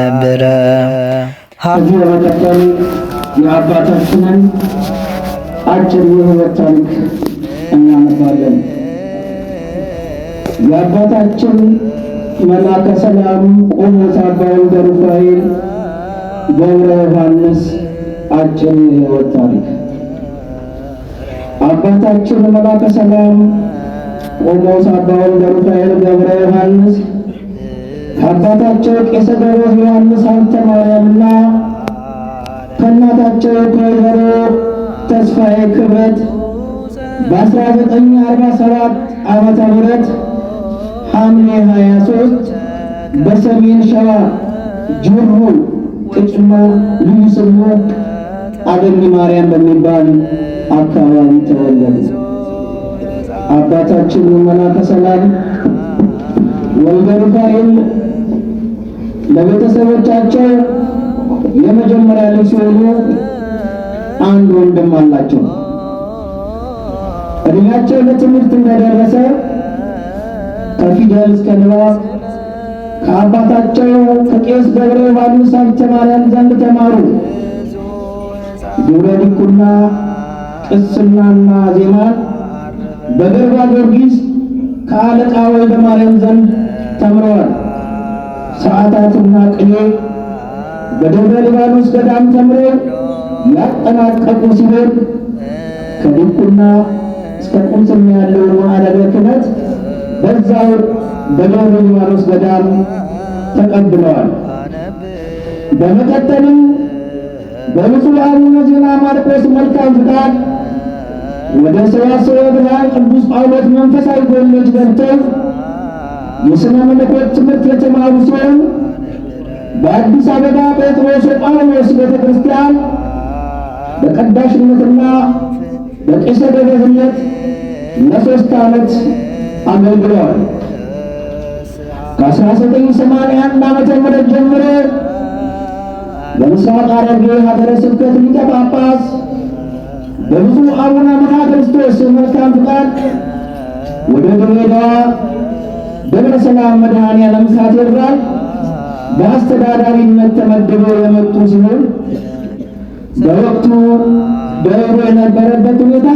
ነበረ። ከዚህ በመቀጠል የአባታችንን አጭር የሕይወት ታሪክ እናነባለን። የአባታችን መላከ ሰላም ቆሞስ አባ ወልደ ሩፋኤል ገብረ ዮሐንስ አጭር የህይወት ታሪክ አባታችን መላከ ሰላም ቆሞስ አባ ወልደ ሚካኤል ገብረ ዮሐንስ፣ ከአባታቸው ቄሰ ገብረ ዮሐንስ ሀብተ ማርያምና ከእናታቸው ከወይዘሮ ተስፋዬ ክብረት በ1947 ዓመተ ምህረት ሐምሌ 23 በሰሜን ሸዋ ጅሩ ቅጭማ ልዩ ስሙ አገኒ ማርያም በሚባል አካባቢ ተወለዱ። አባታችን መላከ ሰላም ወልደ ሚካኤል ለቤተሰቦቻቸው የመጀመሪያ ልጅ ሲሆኑ አንድ ወንድም አላቸው። እድሜያቸው ለትምህርት እንደደረሰ ከፊደል እስከ ንባብ ከአባታቸው ከቄስ ገብረ ባሉ ሀብተ ማርያም ዘንድ ተማሩ። ግብረ ዲቁና፣ ቅስናና ዜማን በገርባ ጊዮርጊስ ከአለቃ ወልደ ማርያም ዘንድ ተምረዋል። ሰዓታትና ቅኔ በደብረ ሊባኖስ ገዳም ተምረው ያጠናቀቁ ሲሆን ከድቁና እስከ ቁምስና ያለውን ማዕረገ ክህነት በዛው በደብረ ሊባኖስ ገዳም ተቀብለዋል። በመቀጠልም በብፁዕ አቡነ ዜና ማርቆስ መልካም ፍቃድ ወደ ሰዋስወ ብርሃን ቅዱስ ጳውሎስ መንፈሳዊ ኮሌጅ ገብተው የሥነ መለኮት ትምህርት የተማሩ ሲሆን በአዲስ አበባ ጴጥሮስ ጳውሎስ ቤተ ክርስቲያን በቀዳሽነትና በቄሰ ገበዝነት ለሶስት ዓመት አገልግለዋል። ከ1981 ዓመተ ምህረት ጀምሮ በምስራቅ ሐረርጌ ሀገረ ስብከት ሊቀ ጳጳስ በብፁዕ አቡነ አምደ ክርስቶስ መልካም ፍቃድ ወደ ድሬዳዋ ደብረ ሰላም መድኃኔዓለም ካቴድራል በአስተዳዳሪነት ተመድበው የመጡ ሲሆን በወቅቱ ደሮ የነበረበት ሁኔታ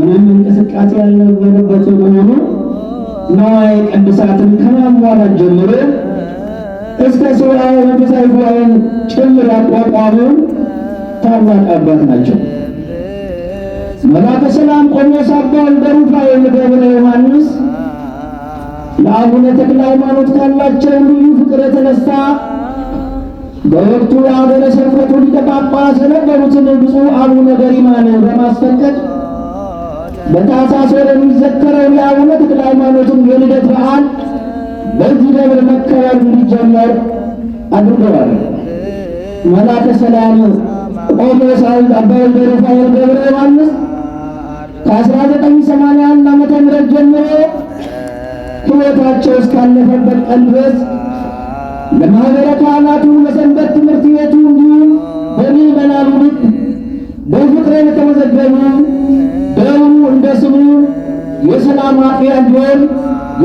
ምንም እንቅስቃሴ ያልነበረበት መሆኑ ነዋይ ቅዱሳትን ከማሟላት ጀምሮ እስከ ሶላ መንፈሳዊ ጉባኤን ጭምር ያቋቋሙ ታላቅ አባት ናቸው። መልአከ ሰላም ቆሞስ አባ እንደ ሩፋኤል ገብረ ዮሐንስ ለአቡነ ተክለ ሃይማኖት ካላቸው ልዩ ፍቅር የተነሳ በወቅቱ የአገረ ስብከቱ ሊቀ ጳጳስ የነበሩትን ብፁዕ አቡነ ገሪማን በማስፈቀድ በታኅሳስ ወር የሚዘከረው የአቡነ ተክለ ሃይማኖትን የልደት በዓል በዚህ ደብር መከበር እንዲጀመር አድርገዋል። መልአከ ሰላም ቆሞስ አባ ወልደ ሩፋኤል ገብረ ዮሐንስ ከ1981 ዓመተ ምህረት ጀምሮ ሕይወታቸው እስካለፈበት ቀን ድረስ ለማህበረ ካህናቱ በሰንበት ትምህርት ቤቱ እንዲሁም በምዕመናኑ ልብ በፍቅር የተመዘገቡ ደሙ እንደ ስሙ የሰላም ማጥፊያ እንዲሆን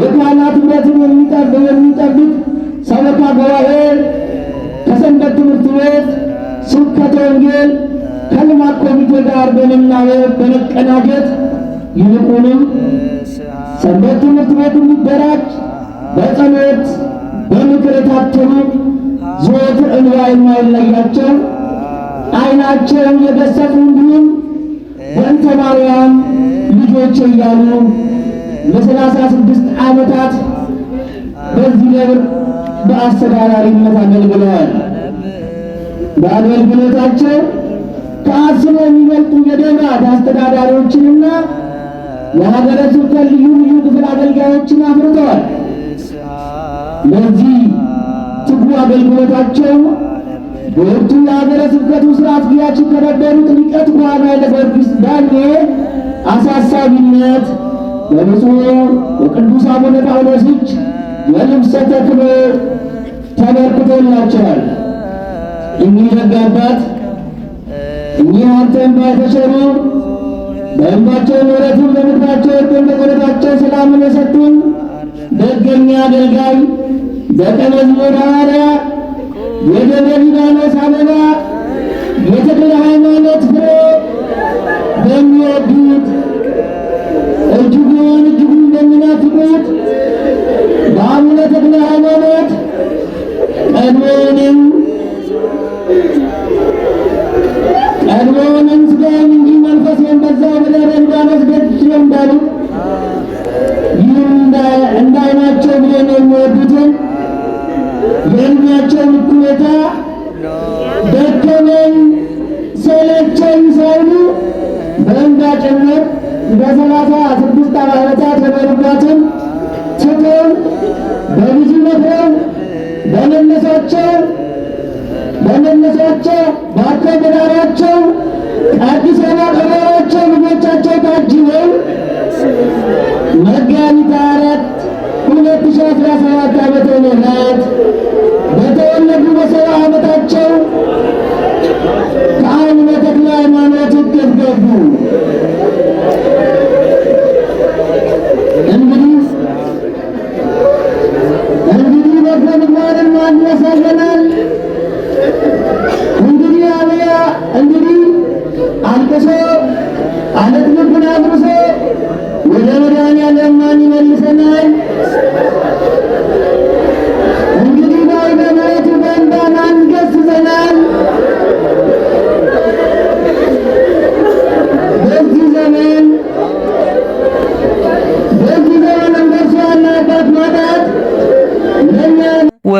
የካህናት ኅብረትን የሚጠብቅ ሰበካ ጉባኤ ከሰንበት ትምህርት ቤት ስብከተ ወንጌል ከልማት ኮሚቴ ጋር በመናበብ በመቀናጀት ይልቁንም ሰንበት ትምህርት ቤት እንዲደራጅ በጸሎት በምክር የታተሙ ዘወትር እንባ የማይለያቸው አይናቸውን የገሰጹ እንዲሁም በእንተ ልጆች እያሉ ለሰላሳ ስድስት ዓመታት በዚህ ደብር በአስተዳዳሪነት አገልግለዋል። በአገልግሎታቸው ከአስሩ የሚበልጡ የደብራት አስተዳዳሪዎችንና የሀገረ ስብከት ልዩ ልዩ ክፍል አገልጋዮችን አፍርተዋል። ለዚህ ትጉ አገልግሎታቸው በወቅቱ የሀገረ ስብከቱ ሥራ አስኪያጅ የተከበሩት ሊቀ ትጉሃን ኃይለ ጊዮርጊስ ዳኜ አሳሳቢነት በብፁዕ የቅዱስ አቡነ ጳውሎስ እጅ የልብሰ ተክህኖ ተበርክቶላቸዋል። እኚህ እኚህ አንተን ባይተሸሩ በእንባቸው ምሕረቱን በምድራቸው እርቅን በቆረታቸው ሰላምን የሰጡን ደገኛ አገልጋይ ደቀ መዝሙር ሐዋርያ የደብረ ሊባኖስ አበባ የተክለ ሃይማኖት እግዚአብሔር እንዳመስገድ እንዳሉ ይህም እንዳይናቸው ብለን የሚወዱትን የእኛቸውን ሁኔታ ደከመኝ ሰለቸኝ ሳይሉ በእንባ ጭምር በሰላሳ ስድስት ዓመታት ትተው በልጅነትም በመነሳቸው በአቆበዳሪያቸው ከአዲስ አበባ ገበያቸው ልጆቻቸው ታጅበው መጋቢት አራት ሁለት ሺህ አስራ ሰባት ዓመተ ምህረት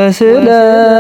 ወስለተከ